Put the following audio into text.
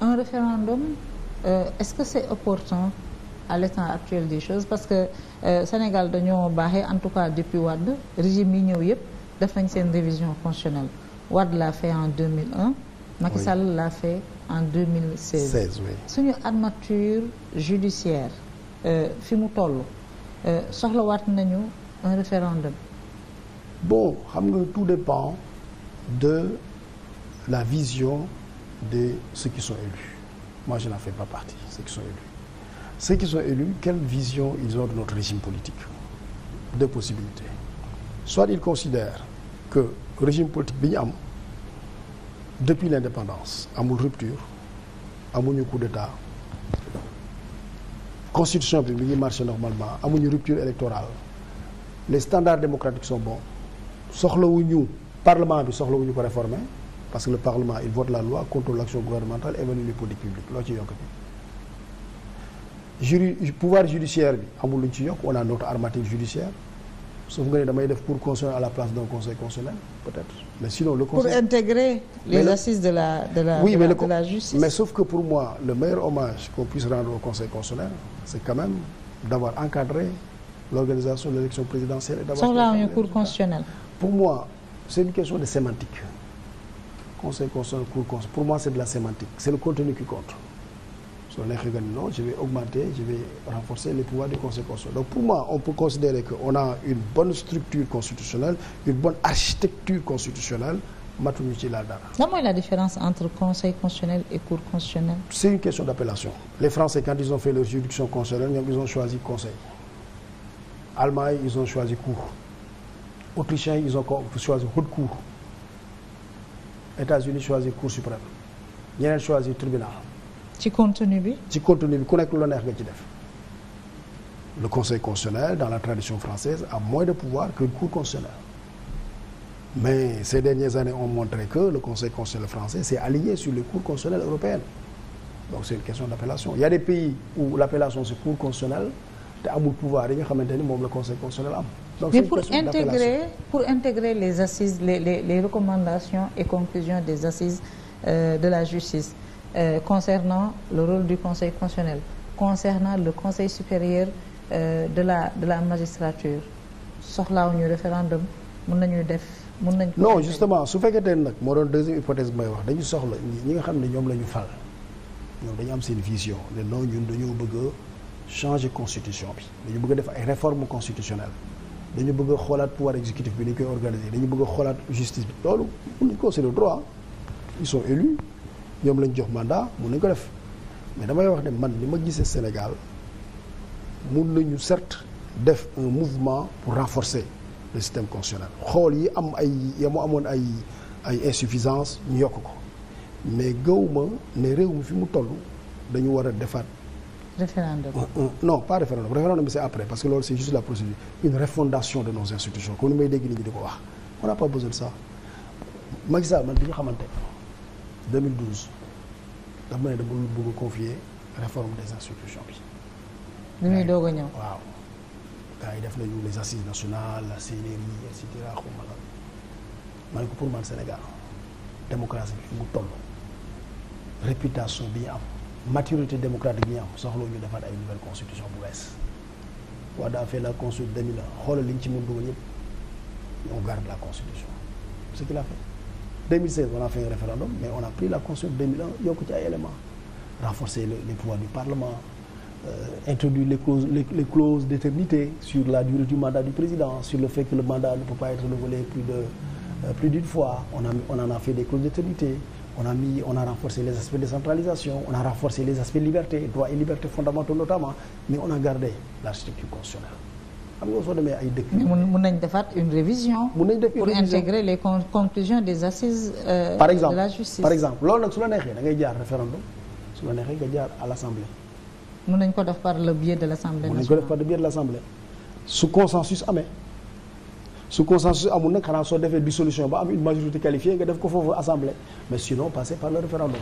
un référendum euh, est-ce que c'est opportun à l'état actuel des choses parce que euh, Sénégal dañoo baaxe en tout cas depuis Wade régime yi ñëw yëpp def nañ seen révision constitutionnelle Wade l'a fait en 2001 Macky Sall l'a fait en 2016 16, oui. suñu armature judiciaire euh, fi mu toll euh, soxlawaat nañu un référendum bon xam nga tout dépend de la vision de ceux qui sont élus. Moi, je n'en fais pas partie, ceux qui sont élus. Ceux qui sont élus, quelle vision ils ont de notre régime politique Deux possibilités. Soit ils considèrent que le régime politique bi ñu am depuis l'indépendance amul rupture amuñu coup d'état constitution bi bi ngi marché normalement amuñu rupture électorale les standards démocratiques sont bons soxlawuñu parlement bi wuñu ko réformer parce que le Parlement il vote la loi contrôle l'action gouvernementale évalue les politiques publiques loo ci yokkati juri pouvoir judiciaire bi amul lu ci yokk on a notre armature judiciaire sauf nga ne damay def pour constituer à la place d'un conseil constitutionnel peut-être mais sinon le conseil les le... de la de la de mais la, justice. mais sauf que pour moi le meilleur hommage qu'on puisse rendre au conseil constitutionnel c'est quand même d'avoir encadré l'organisation pour moi c'est une de sémantique conseil constitutionnel pour moi c'est de la sémantique c'est le contenu qui compte soo neexee je vais augmenter je vais renforcer les pouvoirs du conseil constitutionnel donc pour moi on peut considérer que on a une bonne structure constitutionnelle une bonne architecture constitutionnelle matuñu la différence entre conseil constitutionnel et cour constitutionnelle. c'est une question d'appellation les français quand ils ont fait leur juridiction États-Unis choisir Cour suprême ñeneen choisir tribunal. ci contenu bi. ci contenu bi ku nekk lu la neex nga ci def le conseil constitutionnel dans la tradition française a moins de pouvoir que le cour constitutionnelle mais ces dernières années ont montré que le conseil constitutionnel français s'est aligné sur les cours constitutionnelles européennes donc c'est une question d'appellation il y a des pays où l'appellation c'est cour constitutionnelle te amul pouvoir yi nga xamante ni moom la conseil constitutionnel am. donc mais pour intégrer pour intégrer les assises les les les recommandations et conclusions des assises euh, de la justice euh, concernant le rôle du conseil constitutionnel concernant le conseil supérieur euh, de la de la magistrature soxlaawuñu référendum mun nañuy def. mën nañu non justement su fekkente ne nag moo doon deuxième hypothèse may wax dañu soxla ñi nga xam ne ñoom la ñu fal ñoom dañu am seen vision ne non ñun dañoo changer constitution bi dañu bëgg a def ay réforme constitutionnelles dañu bëgg a xoolaat pouvoir exécutif bi dañu koy organiser dañu bëgg a xoolaat justice bi loolu mun nañu ko c'est le droit ils sont élus ñoom lañ jox mandat mun nañ ko def mais damay wax ne man li ma gisee Sénégal mun nañu certes def un mouvement pour renforcer le système constitutionnel xool yi am ay ya mu amoon ay ay insuffisance ñu yokk ko mais gëwuma ne réew mi fi mu toll dañu war a defaat référendum non pas référendum référendum bi c'est après parce que loolu c'est juste la procédure une refondation de nos institutions comme may dégg nit di ko wax on n'a pas besoin de ça Macky man bi ñu xamante 2012 daf ne dama bëgg a confier réforme des institutions bi bi muy doog a ñëw waaw gars yi def nañu les assises nationales la CNRI et cetera xuma ma ne ko pour man Sénégal démocratie bi fi toll réputation bi am maturité démocratique bi ñu am soxla ñu defaat ay nouvelle constitution bu bees waaw daa fait la constitution 2000 la xoolal li ñu ci mën dugal yëpp on garde la constitution ce qu'il a mais la constitution yokk ci ay éléments renforcer le, les pouvoirs du parlement euh, les clauses d'éternité sur la durée du mandat du président sur le fait que le mandat ne peut pas être renouvelé plus de euh, plus d'une fois on a on en a fait des clauses d'éternité on a mis, on a renforcé les aspects de centralisation, on a renforcé les aspects de liberté, droits et libertés fondamentaux notamment, mais on a gardé l'architecture constitutionnelle. xam nga soo demee ay dëkk. mun nañ defaat une révision. pour intégrer les conclusions des assises. Euh, par exemple, de la justice par exemple loolu nag su la neexee da ngay jaar référendum su la neexee nga jaar à l' mun nañ ko def par le biais de l' assemblée nationale mun consensus amee. su consensus amul nag xanaa soo defee dissolution ba am une majorité qualifiée nga def ko foofu assemblée mais sinon passer par le référendum